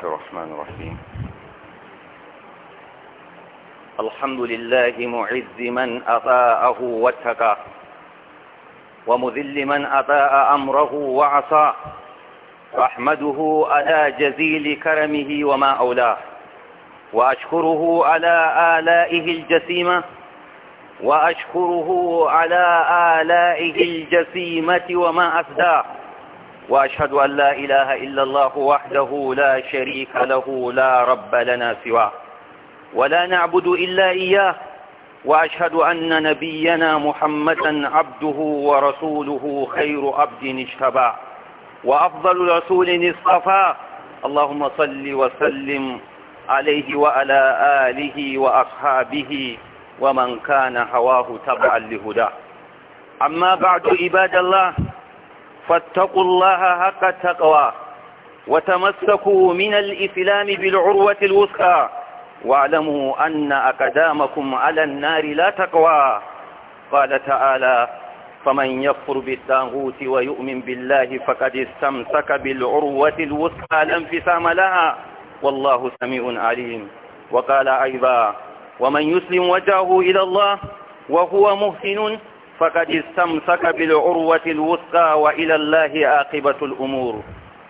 الله الرحمن الرحيم الحمد لله معز من أطاءه واتقى ومذل من أطاء أمره وعصى أحمده على جزيل كرمه وما أولاه وأشكره على آلائه الجسيمة وأشكره على آلائه الجسيمة وما أفداه وأشهد أن لا إله إلا الله وحده لا شريك له لا رب لنا سواه ولا نعبد إلا إياه وأشهد أن نبينا محمدا عبده ورسوله خير عبد اجتبى وأفضل رسول اصطفاه اللهم صل وسلم عليه وعلى آله وأصحابه ومن كان هواه تبعا لهداه أما بعد عباد الله فاتقوا الله حق التقوى وتمسكوا من الإسلام بالعروة الوثقى واعلموا أن أقدامكم على النار لا تقوى قال تعالى فمن يكفر بالطاغوت ويؤمن بالله فقد استمسك بالعروة الوثقى لا انفصام لها والله سميع عليم وقال أيضا ومن يسلم وجهه إلى الله وهو مهتن فقد استمسك بالعروة الوثقى وإلى الله عاقبة الأمور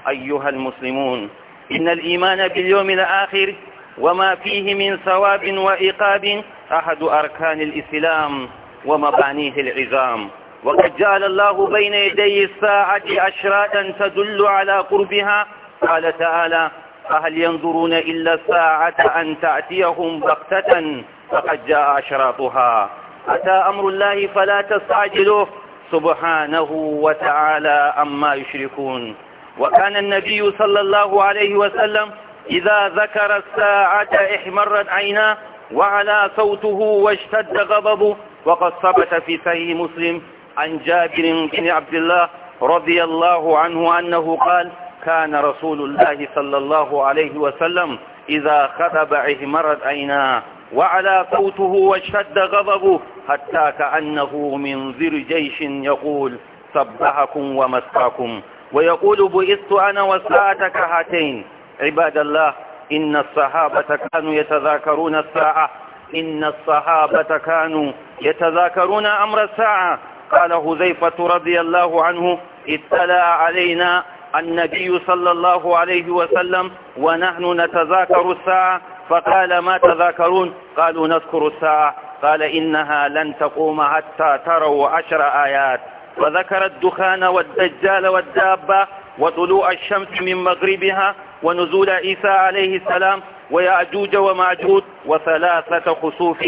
أيها المسلمون إن الإيمان باليوم الآخر وما فيه من ثواب وإقاب أحد أركان الإسلام ومبانيه العظام وقد جعل الله بين يدي الساعة أشرادا تدل على قربها قال تعالى فهل ينظرون إلا الساعة أن تأتيهم بغتة فقد جاء أشراطها أتى أمر الله فلا تستعجلوه سبحانه وتعالى أما يشركون وكان النبي صلى الله عليه وسلم إذا ذكر الساعة احمرت عيناه وعلى صوته واشتد غضبه وقد ثبت في صحيح مسلم عن جابر بن عبد الله رضي الله عنه أنه قال كان رسول الله صلى الله عليه وسلم إذا خطب احمرت عيناه وعلى صوته واشتد غضبه حتى كأنه من ذر جيش يقول سبحكم ومسكاكم ويقول بئست أنا والساعة كهاتين عباد الله إن الصحابة كانوا يتذاكرون الساعة إن الصحابة كانوا يتذاكرون أمر الساعة قال هزيفة رضي الله عنه اتلى علينا النبي صلى الله عليه وسلم ونحن نتذاكر الساعة فقال ما تذاكرون قالوا نذكر الساعة قال إنها لن تقوم حتى تروا عشر آيات وذكر الدخان والدجال والدابة وطلوع الشمس من مغربها ونزول عيسى عليه السلام ويأجوج ومأجوج وثلاثة خسوف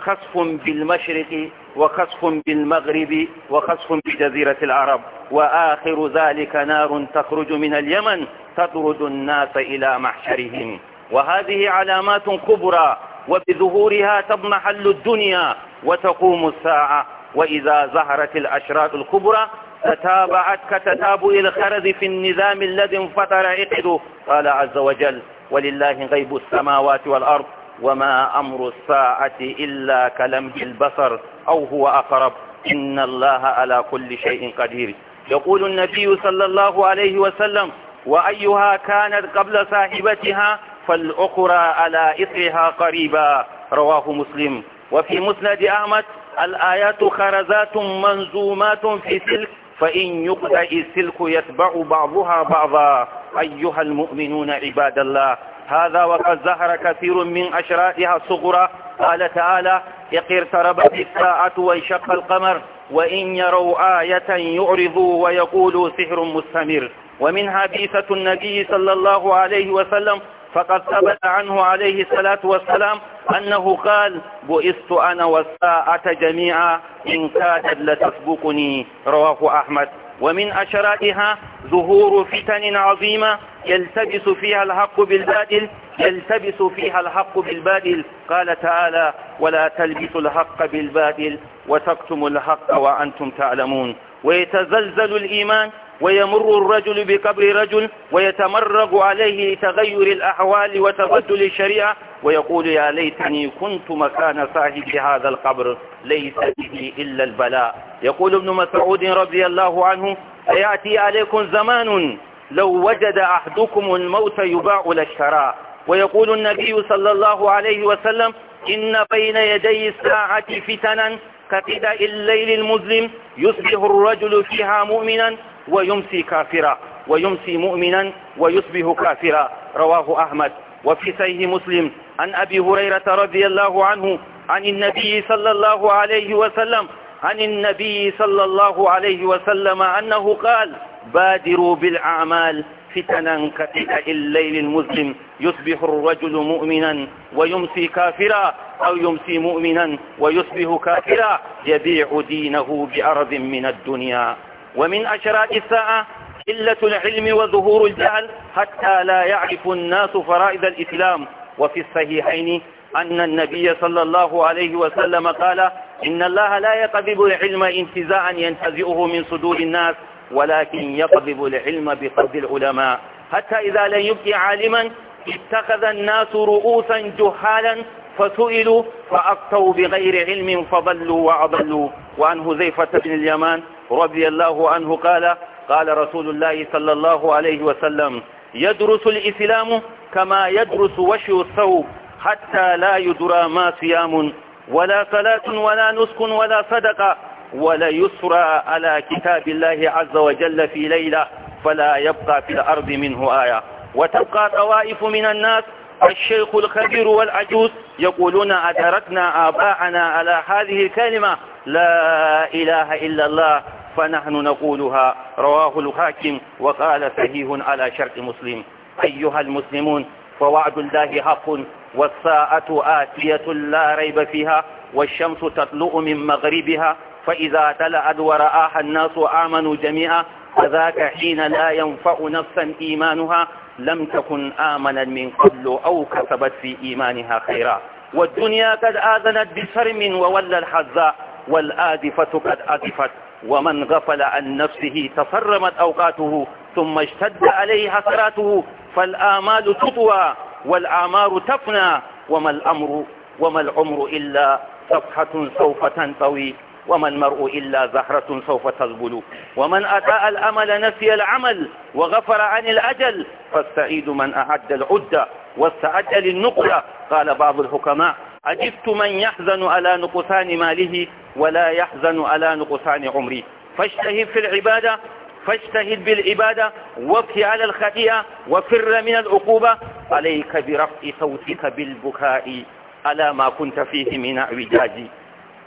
خسف بالمشرق وخسف بالمغرب وخسف بجزيرة العرب وآخر ذلك نار تخرج من اليمن تطرد الناس إلى محشرهم وهذه علامات كبرى وبظهورها تضمحل الدنيا وتقوم الساعة وإذا ظهرت الأشراط الكبرى تتابعت كتتابع الخرز في النظام الذي انفطر عقده قال عز وجل ولله غيب السماوات والأرض وما أمر الساعة إلا كلمه البصر أو هو أقرب إن الله على كل شيء قدير يقول النبي صلى الله عليه وسلم وأيها كانت قبل صاحبتها فالأخرى على إثرها قريبا رواه مسلم وفي مسند أحمد الآيات خرزات منظومات في سلك فإن يقطع السلك يتبع بعضها بعضا أيها المؤمنون عباد الله هذا وقد ظهر كثير من أشرائها الصغرى قال تعالى اقتربت الساعة وانشق القمر وإن يروا آية يعرضوا ويقولوا سحر مستمر ومنها بيثة النبي صلى الله عليه وسلم فقد ثبت عنه عليه الصلاة والسلام أنه قال بئست أنا والساعة جميعا إن كادت لتسبقني رواه أحمد ومن أشراتها ظهور فتن عظيمة يلتبس فيها الحق بالباطل يلتبس فيها الحق بالباطل قال تعالى ولا تلبسوا الحق بالباطل وتكتموا الحق وأنتم تعلمون ويتزلزل الإيمان ويمر الرجل بقبر رجل ويتمرغ عليه لتغير الأحوال وتبدل الشريعة ويقول يا ليتني كنت مكان صاحب هذا القبر ليس به إلا البلاء يقول ابن مسعود رضي الله عنه سيأتي عليكم زمان لو وجد أحدكم الموت يباع للشراء ويقول النبي صلى الله عليه وسلم إن بين يدي الساعة فتنا كفداء الليل المظلم يصبح الرجل فيها مؤمنا ويمسي كافرا ويمسي مؤمنا ويصبح كافرا رواه أحمد وفي سيه مسلم عن أبي هريرة رضي الله عنه عن النبي صلى الله عليه وسلم عن النبي صلى الله عليه وسلم أنه قال بادروا بالأعمال فتنا كفداء الليل المظلم يصبح الرجل مؤمنا ويمسي كافرا أو يمسي مؤمنا ويصبح كافرا يبيع دينه بأرض من الدنيا ومن أشراط الساعة قلة العلم وظهور الجهل حتى لا يعرف الناس فرائض الإسلام وفي الصحيحين أن النبي صلى الله عليه وسلم قال إن الله لا يقبض العلم انتزاعا ينتزئه من صدور الناس ولكن يقبض العلم بقبض العلماء حتى إذا لم يبقي عالما اتخذ الناس رؤوسا جهالا فسئلوا فأقتوا بغير علم فضلوا وأضلوا وعن هزيفة بن اليمان رضي الله عنه قال قال رسول الله صلى الله عليه وسلم يدرس الإسلام كما يدرس وشي الثوب حتى لا يدرى ما صيام ولا صلاة ولا نسك ولا صدقة ولا يسرى على كتاب الله عز وجل في ليلة فلا يبقى في الأرض منه آية وتبقى طوائف من الناس الشيخ الخبير والعجوز يقولون أدركنا آباءنا على هذه الكلمة لا إله إلا الله فنحن نقولها رواه الحاكم وقال صحيح على شرط مسلم أيها المسلمون فوعد الله حق والساعة آتية لا ريب فيها والشمس تطلع من مغربها فإذا تلأت ورآها الناس آمنوا جميعا فذاك حين لا ينفع نفسا إيمانها لم تكن آمنا من قبل أو كسبت في إيمانها خيرا والدنيا قد آذنت بشرم وولى الحذاء والآذفة قد أذفت ومن غفل عن نفسه تصرمت أوقاته ثم اشتد عليه حسراته فالآمال تطوى والأعمار تفنى وما الأمر وما العمر إلا صفحة سوف تنطوي وما المرء إلا زهرة سوف تذبل ومن أتاء الأمل نسي العمل وغفر عن الأجل فاستعيد من أعد العدة واستعد للنقلة قال بعض الحكماء أجبت من يحزن على نقصان ماله ولا يحزن على نقصان عمري فاجتهد في العبادة فاجتهد بالعبادة وابكي على الخطيئة وفر من العقوبة عليك برفع صوتك بالبكاء على ما كنت فيه من اعوجاج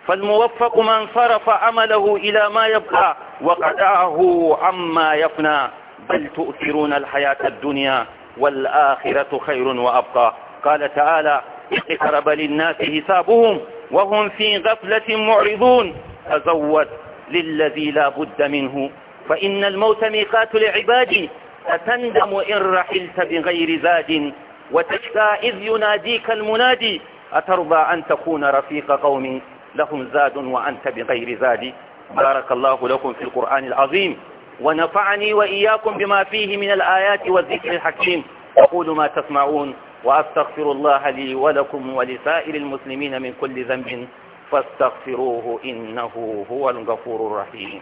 فالموفق من صرف عمله إلى ما يبقى وقدعه عما يفنى بل تؤثرون الحياة الدنيا والآخرة خير وأبقى قال تعالى اقترب للناس حسابهم وهم في غفلة معرضون فزود للذي لا بد منه فإن الموت ميقات لعبادي أتندم إن رحلت بغير زاد وتشكى إذ يناديك المنادي أترضى أن تكون رفيق قومي لهم زاد وأنت بغير زاد بارك الله لكم في القرآن العظيم ونفعني وإياكم بما فيه من الآيات والذكر الحكيم أقول ما تسمعون وأستغفر الله لي ولكم ولسائر المسلمين من كل ذنب فاستغفروه إنه هو الغفور الرحيم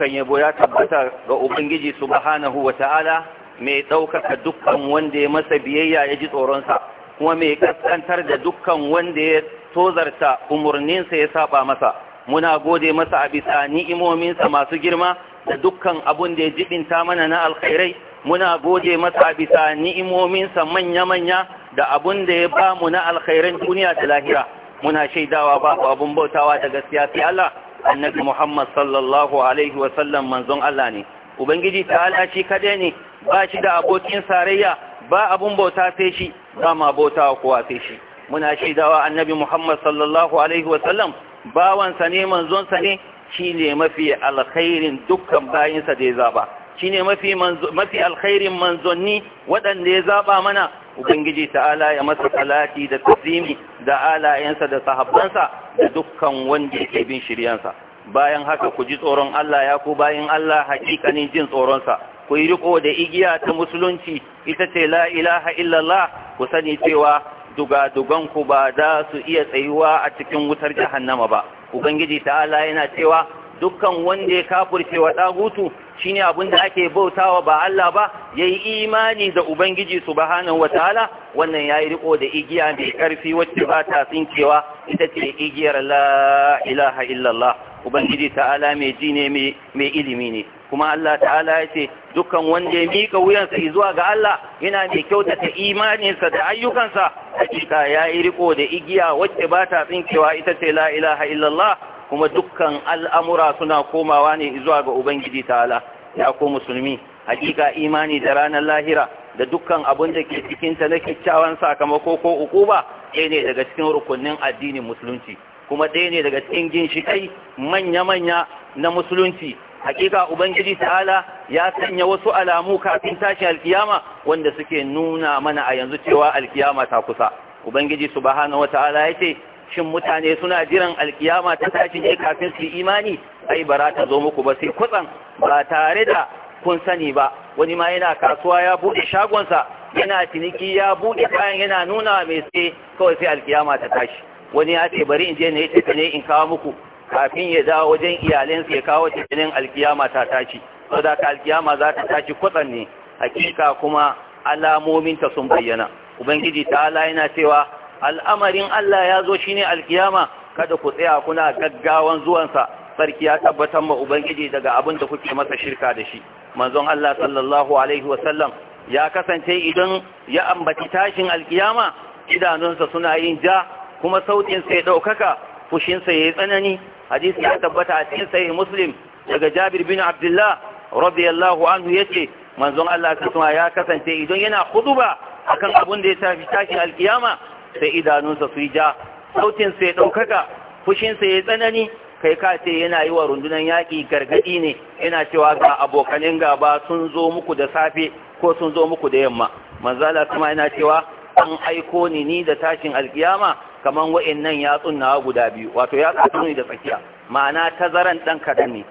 dukkan yabo ya tabbata ga ubangiji subhanahu wata'ala mai ɗaukaka dukkan wanda ya masa biyayya ya ji tsoronsa kuma mai kaskantar da dukkan wanda ya tozarta umarninsa ya saba masa muna gode masa a bisa ni'imominsa masu girma da dukkan abun da ya jibinta mana na alkhairai muna gode masa a bisa ni'imominsa manya-manya da abun da ya ba mu na alkhairan duniya da lahira muna shaidawa babu abun bautawa da gaskiya sai Allah annabi Muhammad sallallahu alaihi wasallam manzon Allah ne ubangiji ta'ala shi kadai ne ba shi da abokin sarayya ba abun bauta sai shi ba ma bauta kowa sai shi muna shaidawa annabi Muhammad sallallahu alaihi wasallam bawansa ne manzonsa ne shine mafi alkhairin dukkan bayinsa da ya zaba Shine mafi alkhairin manzonni waɗanda ya zaba mana ubangiji ta'ala ya masa salati da tasimi da alayensa da sahabbansa da dukkan wanda ke bin shiryansa bayan haka ku ji tsoron Allah ya ku bayan Allah hakikanin jin tsoronsa ku yi riko da igiya ta musulunci ita ce la'ilaha ilaha illallah ku sani cewa dugadugan ba za su iya tsayuwa a cikin wutar jahannama ba ubangiji ta'ala yana cewa dukkan wanda ya kafurce wa ɗagutu shine abin da ake bautawa ba Allah ba ya yi imani da ubangiji subhanahu wataala wannan ya yi riko da igiya mai ƙarfi wacce ba ta tsinkewa ita ce igiyar la ilaha illallah ubangiji ta'ala mai ji ne mai ilimi ne kuma Allah ta'ala ya ce dukkan wanda ya mika wuyansa zuwa ga Allah yana mai kyautata imaninsa da ayyukansa hakika ya yi riko da igiya wacce ba ta tsinkewa ita ce la ilaha illallah kuma dukkan al'amura suna komawa ne zuwa ga Ubangiji ta'ala ya ko musulmi hakika imani da ranar lahira da dukkan abin da ke cikinta na kyakkyawan sakamako ko ukuba ɗaya ne daga cikin rukunin addinin musulunci kuma ɗaya ne daga cikin ginshiƙai manya-manya na musulunci hakika ubangiji ta'ala ya sanya wasu alamu kafin tashin alkiyama wanda suke nuna mana a yanzu cewa alkiyama ta kusa ubangiji subhanahu ya ce. shin mutane suna jiran alkiyama ta tashi ne kafin su imani ai bara ta zo muku ba sai kutsan ba tare da kun sani ba wani ma yana kasuwa ya bude shagonsa yana ciniki ya buɗe kayan yana nuna mai sai kawai sai alkiyama ta tashi wani ya ce bari in je ne ta ne in kawo muku kafin ya dawo wajen iyalinsa ya kawo cikin alkiyama ta tashi saboda ka alkiyama za ta tashi kutsan ne hakika kuma alamominta sun bayyana ubangiji ta ala yana cewa al'amarin Allah ya zo shine alkiyama kada ku tsaya kuna gaggawan zuwansa sarki ya tabbatar ma ubangiji daga abin da kuke masa shirka da shi manzon Allah sallallahu alaihi wasallam ya kasance idan ya ambaci tashin alkiyama idanunsa suna yin ja kuma sautin ya ɗaukaka, fushinsa ya yayi tsanani hadisi ya tabbata a cikin sahih muslim daga Jabir bin Abdullah radiyallahu anhu ce manzon Allah ya kasance idan yana khutuba akan abin da ya tafi tashin alkiyama sai idanunsa su yi ja sautinsa ya ɗaukaka fushinsa ya tsanani kai ka ce yana yi wa rundunar yaƙi gargaɗi ne yana cewa ga abokanin gaba sun zo muku da safe ko sun zo muku da yamma manzala kuma yana cewa an aiko ni ni da tashin alkiyama kaman wa'annan yatsun nawa guda biyu wato ya tsatsu ni da tsakiya ma'ana tazaran dan kadan ne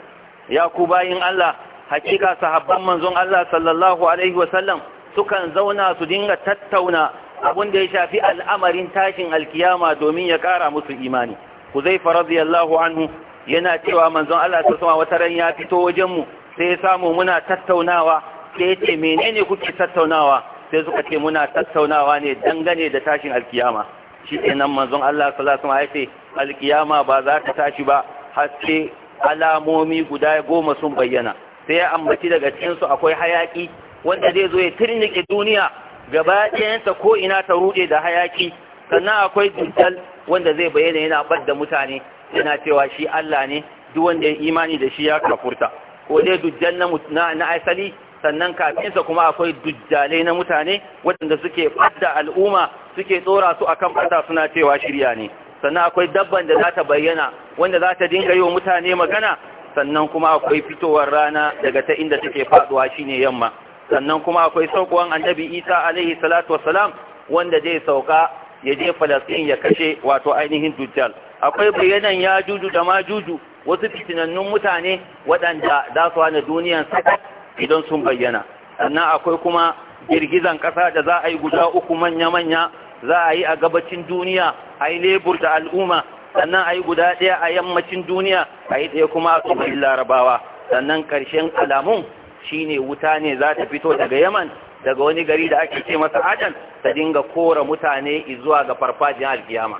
ya ku bayin Allah hakika sahabban manzon Allah sallallahu alaihi wasallam sukan zauna su dinga tattauna abun da ya shafi al'amarin tashin alkiyama domin ya kara musu imani Ku zai huzaifa Yallahu anhu yana cewa manzon Allah ta sama wata ran ya fito wajenmu. sai ya samu muna tattaunawa sai ce menene kuke tattaunawa sai suka ce muna tattaunawa ne dangane da tashin alkiyama shi nan manzon Allah Ta Sama ya ce alkiyama ba za ta tashi ba har alamomi guda goma sun bayyana sai ya ambaci daga cikinsu akwai hayaƙi wanda zai zo ya tirnike duniya gaba ɗayansa ko ina ta rude da hayaki sannan akwai dujjal wanda zai bayyana yana badda mutane yana cewa shi Allah ne duk wanda ya imani da shi ya kafurta ko dai dujjal na na asali sannan kafinsa kuma akwai dujjalai na mutane waɗanda suke fadda al'umma suke tsora su kan fata suna cewa shirya ne sannan akwai dabban da za ta bayyana wanda za ta dinga yi wa mutane magana sannan kuma akwai fitowar rana daga ta inda suke faduwa shine yamma sannan kuma akwai saukowan annabi isa alaihi salatu wasalam wanda zai sauka ya je Falasɗin ya kashe wato ainihin dujjal akwai bayanan ya juju da ma juju wasu fitinannun mutane waɗanda za su hana duniyan saka idan sun bayyana sannan akwai kuma girgizan ƙasa da za a yi guda uku manya-manya za a yi a gabacin duniya a yi lebur da al'umma sannan a yi guda ɗaya a yammacin duniya a yi ɗaya kuma a tsohon larabawa sannan ƙarshen alamun shine wuta ne za ta fito daga yaman daga wani gari da ake ce masa adan ta dinga kora mutane zuwa ga farfajiyar alkiyama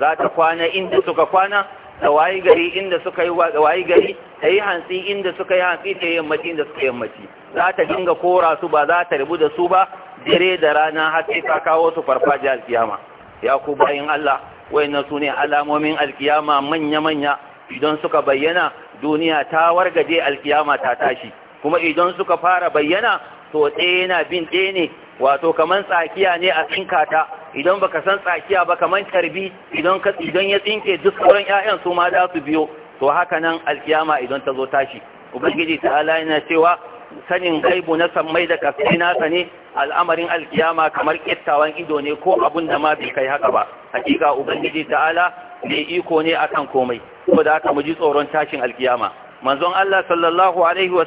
za ta kwana inda suka kwana ta wayi gari inda suka yi wayi gari ta yi hantsi inda suka yi hantsi ta yi yammaci inda suka yi yammaci za ta dinga kora su ba za ta rabu da su ba dire da rana har sai ta kawo su farfajiyar alkiyama ya ku bayin Allah wayannan su ne alamomin alkiyama manya-manya idan suka bayyana duniya ta wargaje alkiyama ta tashi kuma idan suka fara bayyana to ɗaya yana bin ɗaya ne wato kamar tsakiya ne a tsinka ta idan baka san tsakiya ba kaman tarbi idan ya tsinke duk sauran ƴaƴan su ma za su biyo to haka nan alkiyama idan ta zo tashi ubangiji ta'ala yana cewa sanin gaibu na sammai da kasai nasa ne al'amarin alkiyama kamar kittawan ido ne ko abun da ma bai kai haka ba hakika ubangiji ta'ala mai iko ne akan komai saboda haka mu ji tsoron tashin alkiyama manzon Allah sallallahu alaihi wa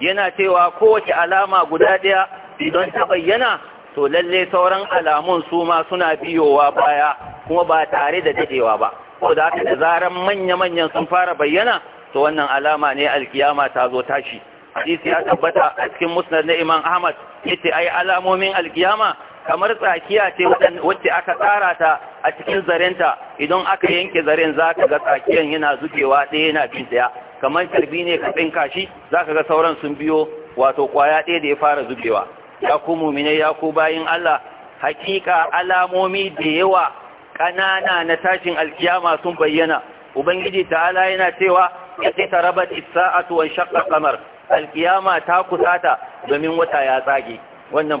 yana cewa kowace alama guda ɗaya idan ta bayyana to lalle sauran alamun su ma suna biyowa baya kuma ba tare da dadewa ba ko da haka da zaran manya-manyan sun fara bayyana to wannan alama ne alkiyama ta zo tashi hadisi ya tabbata a cikin musnad na imam ahmad yace ai alamomin alkiyama kamar tsakiya ce wacce aka tsara ta a cikin zarenta idan aka yanke zaren za ka ga tsakiyan yana zubewa ɗaya yana bin ɗaya kamar karbi ne ka tsinka shi zaka ga sauran sun biyo wato kwaya ɗaya da ya fara zubewa ya ku mumine ya ku bayin Allah hakika alamomi da yawa ƙanana na tashin alkiyama sun bayyana ubangiji ta'ala yana cewa ya ce ta rabat isa'atu wa shaqqa qamar alkiyama ta kusata domin wata ya tsage wannan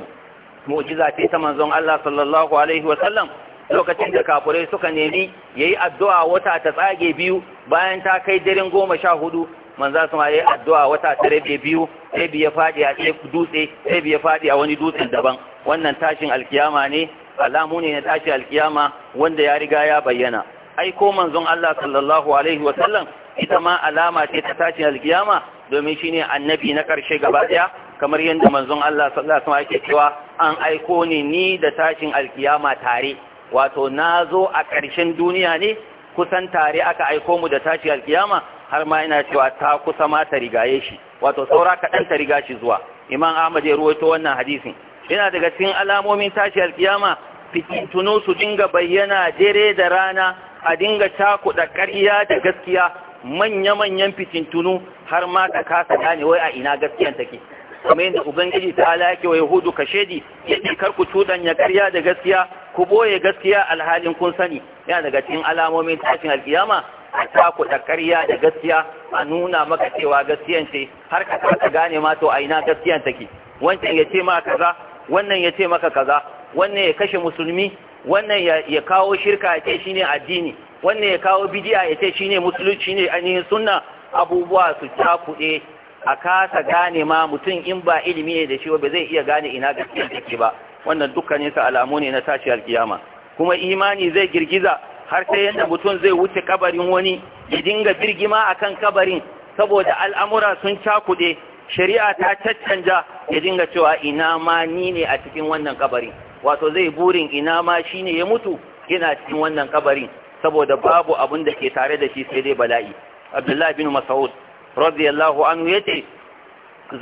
mu'jiza ce ta manzon Allah sallallahu alaihi wa sallam lokacin da kafurai suka nemi yayi addu'a wata ta tsage biyu bayan ta kai daren goma sha hudu manza yayi addu'a wata ta rabe biyu sai biya fadi a dutse sai biya fadi a wani dutsen daban wannan tashin alkiyama ne alamu ne na tashin alkiyama wanda ya riga ya bayyana ai ko manzon Allah sallallahu alaihi wa sallam ita ma alama ce ta tashin alkiyama domin shine annabi na karshe gaba daya kamar yadda manzon Allah sallallahu alaihi wa sallam yake cewa an aiko ni ni da tashin alkiyama tare wato na zo a ƙarshen duniya ne kusan tare aka aiko mu da tashi alkiyama har ma yana cewa ta kusa ma ta rigaye shi wato saura kaɗan ta riga shi zuwa imam ahmad ya ruwaito wannan hadisin yana daga cikin alamomin tashi alkiyama fitintuno su dinga bayyana dare da rana a dinga cakuɗa ƙarya da gaskiya manya-manyan fitintunu har ma ta kasa gane wai a ina gaskiyan take kamar yadda ubangiji ta ala yake wa yahudu kashedi yadda kar ku cuɗanya ƙarya da gaskiya ku boye gaskiya alhalin kun sani yana daga cikin alamomin tashin alkiyama a da ƙarya da gaskiya a nuna maka cewa gaskiyan ce har ka ta gane ma to a ina gaskiyan take wancan ya ce maka kaza wannan ya ce maka kaza wannan ya kashe musulmi wannan ya kawo shirka ya ce shine addini wannan ya kawo bidiya ya ce shine musulunci ne ainihin sunna abubuwa su ta kuɗe, a kasa gane ma mutum in ba ilimi ne da shi ba zai iya gane ina gaskiyan take ba wannan dukkanin sa alamu ne na tashi alkiyama kuma imani zai girgiza har sai yanda mutum zai wuce kabarin wani ya dinga birgima akan kabarin saboda al'amura sun cakude shari'a ta caccanja ya dinga cewa ina ma ni ne a cikin wannan kabarin wato zai burin ina ma shine ya mutu yana cikin wannan kabarin saboda babu abun da ke tare da shi sai dai bala'i abdullahi bin mas'ud radiyallahu anhu yace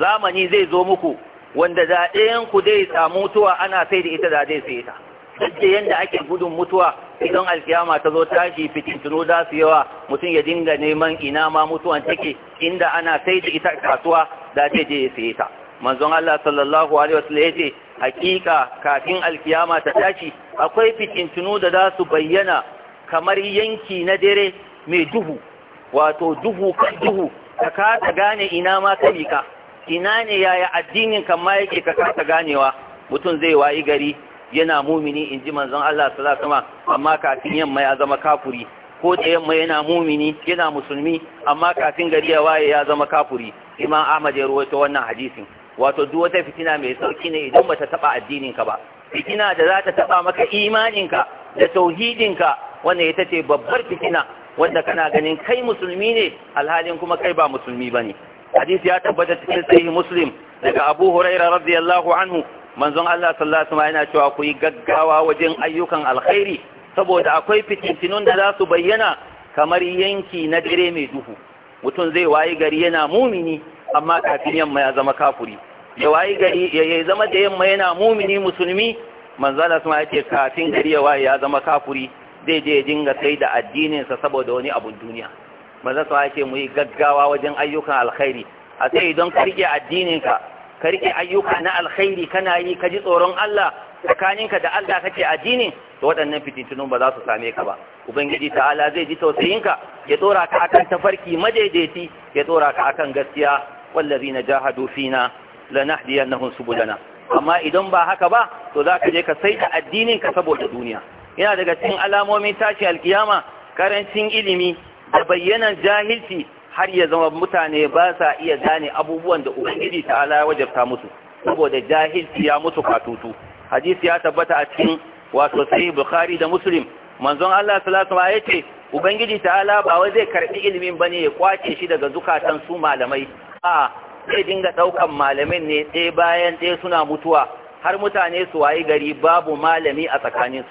zamani zai zo muku wanda da dai samu mutuwa ana sai da ita da sai ta duk yadda ake gudun mutuwa idan alkiyama ta zo tashi fitintuno za su yawa mutum ya dinga neman ina ma mutuwan take inda ana sai da ita kasuwa da zai je ya sai ta manzon Allah sallallahu alaihi wasallam yace hakika kafin alkiyama ta tashi akwai fitintuno da za su bayyana kamar yanki na dare mai duhu wato duhu kan duhu ka ta gane ina ma ka ina ne yaya addinin kan ma yake ka kasa ganewa mutum zai wayi gari yana mumini in ji manzon Allah sallallahu alaihi amma kafin yamma ya zama kafuri ko da yamma yana mumini yana musulmi amma kafin gari ya waye ya zama kafuri imam Ahmad ya rawaito wannan hadisin wato duk wata fitina mai sauki ne idan bata taba addinin ka ba fitina da za ta taba maka ka da tauhidin ka wanda ita ce babbar fitina wanda kana ganin kai musulmi ne alhalin kuma kai ba musulmi bane hadisi ya tabbata cikin sahih muslim daga abu huraira radiyallahu anhu manzon Allah sallallahu alaihi wasallam yana cewa ku yi gaggawa wajen ayyukan alkhairi saboda akwai fitintinun da za su bayyana kamar yanki na dare mai duhu mutum zai wayi gari yana mumini amma kafin yamma ya zama kafuri ya wayi gari ya zama da yamma yana mumini musulmi manzon Allah sun kafin gari ya wayi ya zama kafuri zai je ya dinga sai da addinin sa saboda wani abun duniya manzo sa ce mu yi gaggawa wajen ayyukan alkhairi a sai don karke addininka karke ayyuka na alkhairi kana yi ka ji tsoron Allah tsakaninka da Allah kake addinin to waɗannan fitintunun ba za su same ka ba ubangiji ta'ala zai ji tausayinka ya tsora ka akan tafarki madaidaiti ya tsora ka akan gaskiya wallazina jahadu fina lanahdiyannahum subulana amma idan ba haka ba to za ka je ka saita addininka saboda duniya yana daga cikin alamomin tashi alkiyama karancin ilimi da bayyanan jahilci har ya zama mutane ba sa iya gane abubuwan da ubangiji ta ala wajabta musu saboda jahilci ya mutu katutu hadisi ya tabbata a cikin wato sahih bukhari da muslim manzon Allah sallallahu alaihi wasallam yace ubangiji ta'ala ba wai zai karbi ilimin bane ya kwace shi daga zukatan su malamai a zai dinga daukan malamin ne ɗaya bayan ɗaya suna mutuwa har mutane su wayi gari babu malami a tsakaninsu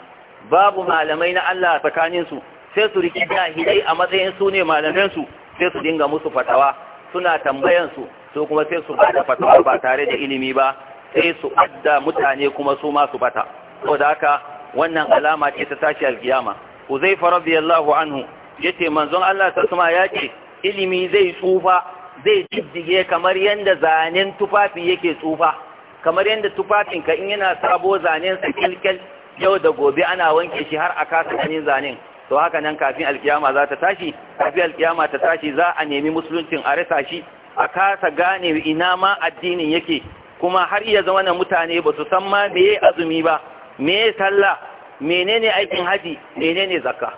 babu malamai na Allah a tsakaninsu sai su riki jahilai a matsayin su ne malamansu sai su dinga musu fatawa suna tambayan su su kuma sai su bada fatawa ba tare da ilimi ba sai su adda mutane kuma su ma su bata saboda haka wannan alama ce ta tashi alkiyama Uzaifa radiyallahu anhu yace manzon Allah ta suma yace ilimi zai tsufa zai jiddige kamar yanda zanen tufafi yake tsufa kamar yanda tufafin ka in yana sabo zanen sa kyalkyal, yau da gobe ana wanke shi har a kasa ganin zanen to haka nan kafin alkiyama za ta tashi kafin alkiyama ta tashi za a nemi musuluncin a rasa shi a kasa gane ina ma addinin yake kuma har iya zama na mutane ba su san ma me azumi ba me sallah menene aikin haji menene zakka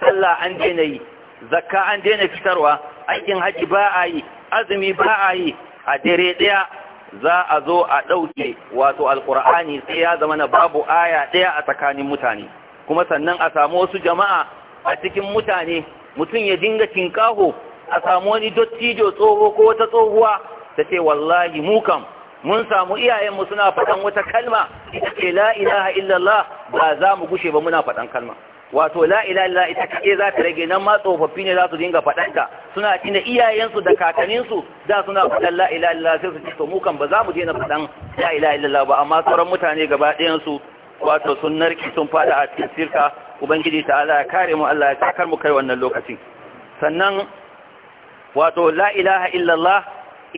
sallah an daina yi zakka an daina fitarwa aikin haji ba a yi azumi ba a yi a dare daya za a zo a ɗauke wato alkur'ani sai ya zama na babu aya ɗaya a tsakanin mutane kuma sannan a samu wasu jama'a a cikin mutane mutum ya dinga cinkaho, a samu wani dottijo tsoho ko wata tsohuwa ta ce wallahi mu kam mun samu iyayenmu suna faɗan wata kalma ita ce la ilaha illallah ba za mu gushe ba muna faɗan kalma wato la ilaha illallah ita kaɗai za ta rage nan ma tsofaffi ne za su dinga faɗanta suna tuna iyayensu da kakanninsu da suna faɗan la ilaha illallah sai su ce to mu kan ba za mu daina faɗan la ilaha illallah ba amma sauran mutane gaba ɗayan su. wato sun narki sun fada a cikin sirka ubangiji ta Allah ya kare mu Allah ya sakar mu kai wannan lokacin sannan wato la ilaha illallah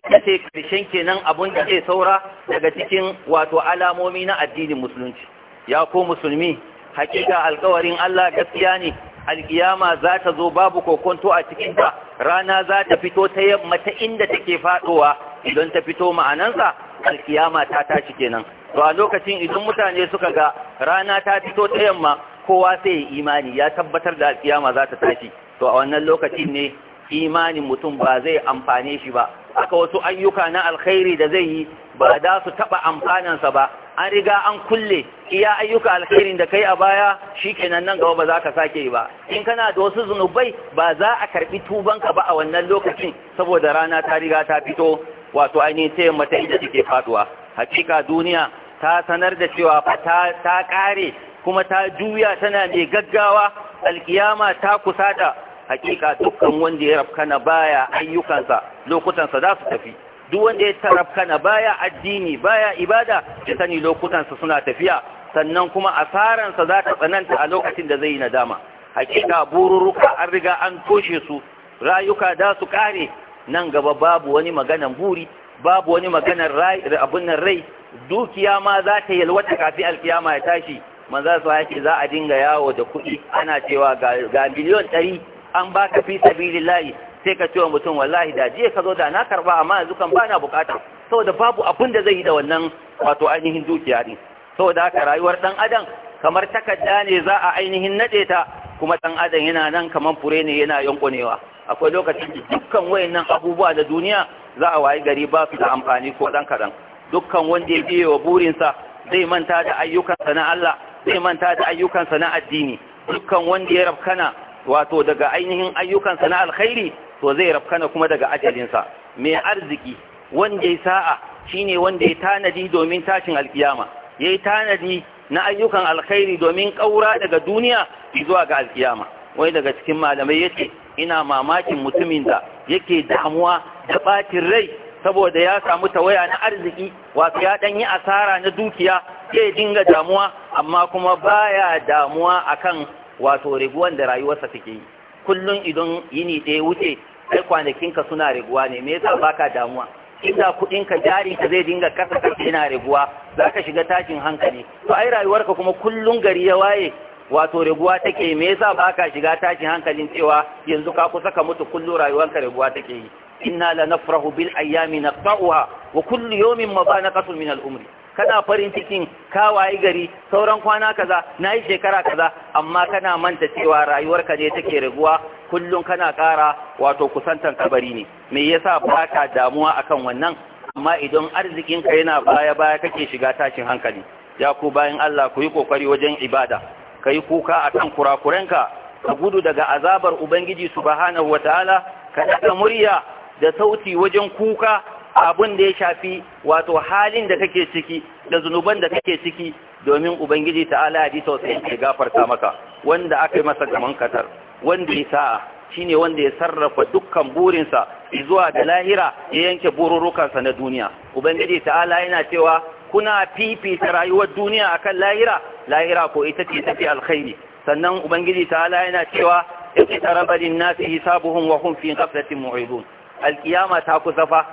ita ce karshen kenan abun da ke saura daga cikin wato alamomi na addinin musulunci ya ko musulmi hakika alkawarin Allah gaskiya ne alkiyama za ta zo babu kokonto a cikinta rana za ta fito ta yamma ta inda take fadowa idan ta fito ma'anansa alkiyama ta tashi kenan to a lokacin idan mutane suka ga rana ta fito ta yamma kowa sai imani ya tabbatar da kiyama za ta tashi to a wannan lokacin ne imanin mutum ba zai amfane shi ba aka wasu ayyuka na alkhairi da zai yi ba za su taɓa amfanansa ba an riga an kulle iya ayyuka alkhairin da kai a baya shi kenan nan gaba ba za ka sake yi ba in kana da wasu zunubai ba za a karɓi tubanka ba a wannan lokacin saboda rana ta riga ta fito wato ainihin ta mata ta inda take faduwa hakika duniya ta sanar da cewa fa ta ƙare kuma ta juya tana mai gaggawa alkiyama ta kusata hakika dukkan wanda ya rafkana baya ayyukansa lokutansa za su tafi duk wanda ya tarafkana baya addini baya ibada ya sani lokutansa suna tafiya sannan kuma asaransa za ta tsananta a lokacin da zai yi nadama hakika bururuka an riga an toshe su rayuka da su kare nan gaba babu wani maganan buri babu wani maganar rai abun rai dukiya ma za ta ta kafin alkiyama ya tashi manzo su ce za a dinga yawo da kuɗi ana cewa ga miliyon ɗari an baka fi sabilillahi sai ka cewa mutum wallahi da jiya ka zo da na karba amma yanzu kan bana bukata saboda babu abin da zai yi da wannan wato ainihin dukiya din saboda haka rayuwar dan adam kamar takarda ne za a ainihin naɗe ta kuma dan adam yana nan kamar fure ne yana yankunewa akwai lokacin da dukkan wayannan abubuwa da duniya za a wayi gari ba su da amfani ko dan kadan dukkan wanda ya biye wa burinsa zai manta da ayyukansa na Allah zai manta da ayyukansa na addini dukkan wanda ya rabkana wato daga ainihin ayyukansa na alkhairi to zai rabkana kuma daga ajalinsa mai arziki wanda ya sa'a shine wanda ya tanadi domin tashin alkiyama yayi tanadi na ayyukan alkhairi domin kaura daga duniya zuwa ga alkiyama wai daga cikin malamai yace ina mamakin mutumin da yake damuwa da ɓacin rai saboda ya samu tawaya na arziki wato ya ɗan yi asara na dukiya zai dinga damuwa amma kuma baya damuwa akan wato riguwan da rayuwarsa take yi kullum idan yini ɗaya wuce ai kwanakinka suna riguwa ne me yasa baka damuwa inda kuɗinka jari ka zai dinga kasa kasa yana riguwa za ka shiga tashin hankali to ai rayuwarka kuma kullum gari ya waye wato raguwa take me yasa ba ka shiga tashin hankalin cewa yanzu ka kusa ka mutu kullu rayuwarka raguwa take yi inna la nafrahu bil ayyami naqta'uha wa kullu yawmin mabanaqatu min al umri kana farin cikin kawaye gari sauran kwana kaza nayi shekara kaza amma kana manta cewa rayuwarka ne take raguwa kullun kana kara wato kusantan kabari ne me yasa ba ka damuwa akan wannan amma idan arzikinka yana baya baya kake shiga tashin hankali ya ku bayan Allah ku yi kokari wajen ibada ka yi kuka a kan kurakurenka ka gudu daga azabar ubangiji subhanahu ta'ala ka daga murya da sauti wajen kuka abin da ya shafi wato halin da kake ciki da zunuban da kake ciki domin ubangiji ta'ala ya ji tausayin ya gafarta maka wanda aka yi masa gaman katar wanda ya sa'a ne wanda ya sarrafa dukkan burinsa zuwa da lahira ya yanke bururukansa na duniya ubangiji ta'ala yana cewa kuna fifita rayuwar duniya akan lahira lahira ko ita ce tafi alkhairi sannan ubangiji ta'ala yana cewa yake taraba lin nasi hisabuhum wa hum fi ghaflatin mu'ridun alkiyama ta kusa fa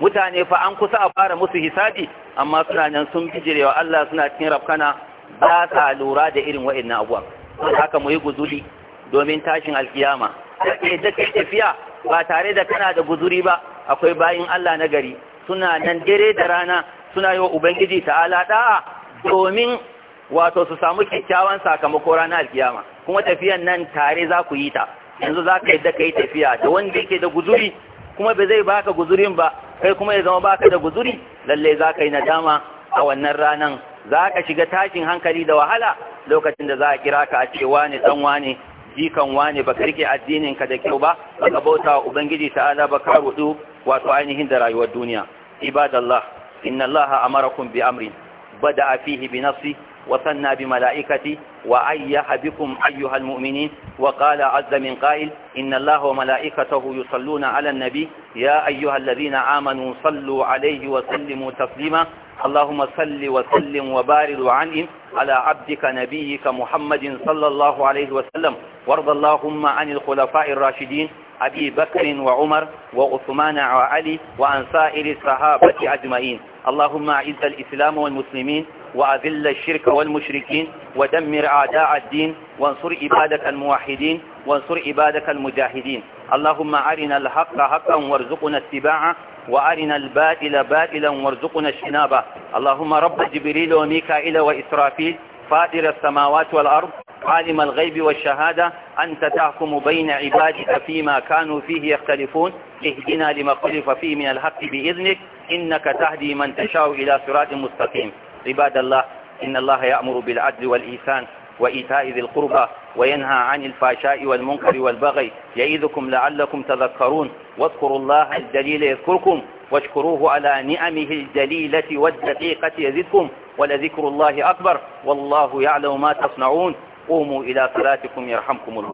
mutane fa an kusa a fara musu hisabi amma suna nan sun bijirewa Allah suna cikin rafkana ba sa lura da irin wa'annan abuwa haka mu yi guzuli domin tashin alkiyama sai da kai tafiya ba tare da kana da guzuri ba akwai bayin Allah na gari suna nan dare da rana suna yi wa ubangiji ta'ala da'a domin wato su samu kyakkyawan sakamako ranar alkiyama kuma tafiyan nan tare za ku yi ta yanzu za ka da ka yi tafiya da wanda yake da guzuri kuma ba zai baka guzurin ba kai kuma ya zama baka da guzuri lalle za ka yi nadama a wannan ranan za ka shiga tashin hankali da wahala lokacin da za a kira ka a ce wane dan wane jikan wane ba rike addinin ka da kyau ba ka bauta ubangiji ta'ala ba ka rudu wato ainihin da rayuwar duniya ibadallah inna allaha amarakum bi amrin bada fihi bi nafsi وثنى بملائكته وأيح بكم أيها المؤمنين وقال عز من قائل إن الله وملائكته يصلون على النبي يا أيها الذين آمنوا صلوا عليه وسلموا تسليما اللهم صل وسلم وبارك وعنهم على عبدك نبيك محمد صلى الله عليه وسلم وارض اللهم عن الخلفاء الراشدين أبي بكر وعمر وعثمان وعلي وعن سائر الصحابة أجمعين اللهم أعز الإسلام والمسلمين وأذل الشرك والمشركين ودمر أعداء الدين وانصر عبادك الموحدين وانصر عبادك المجاهدين اللهم أرنا الحق حقا وارزقنا اتباعه وأرنا الباطل باطلا وارزقنا اجتنابه اللهم رب جبريل وميكائيل وإسرافيل فاطر السماوات والأرض عالم الغيب والشهادة أنت تحكم بين عبادك فيما كانوا فيه يختلفون اهدنا لما اختلف فيه من الحق بإذنك إنك تهدي من تشاء إلى صراط مستقيم عباد الله إن الله يأمر بالعدل والإيثان وإيتاء ذي القربى وينهى عن الفحشاء والمنكر والبغي يعظكم لعلكم تذكرون واذكروا الله الجليل يذكركم واشكروه على نعمه الجليلة والدقيقة يزدكم ولذكر الله أكبر والله يعلم ما تصنعون qumu ila salatikum yarhamkumullah